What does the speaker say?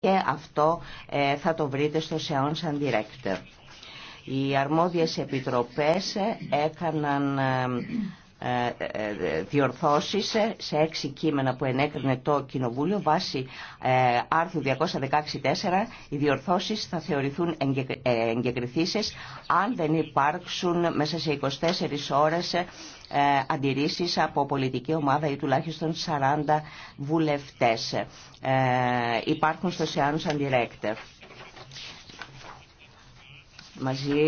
και αυτό ε, θα το βρείτε στο Seance and Director. Οι αρμόδιες επιτροπές ε, έκαναν ε, ε, ε, διορθώσεις σε έξι κείμενα που ενέκρινε το Κοινοβούλιο βάσει ε, άρθρου 216.4 οι διορθώσεις θα θεωρηθούν εγκεκριθήσεις αν δεν υπάρξουν μέσα σε 24 ώρες αντιρρήσεις από πολιτική ομάδα ή τουλάχιστον 40 βουλευτές υπάρχουν στο Seance Direct μαζί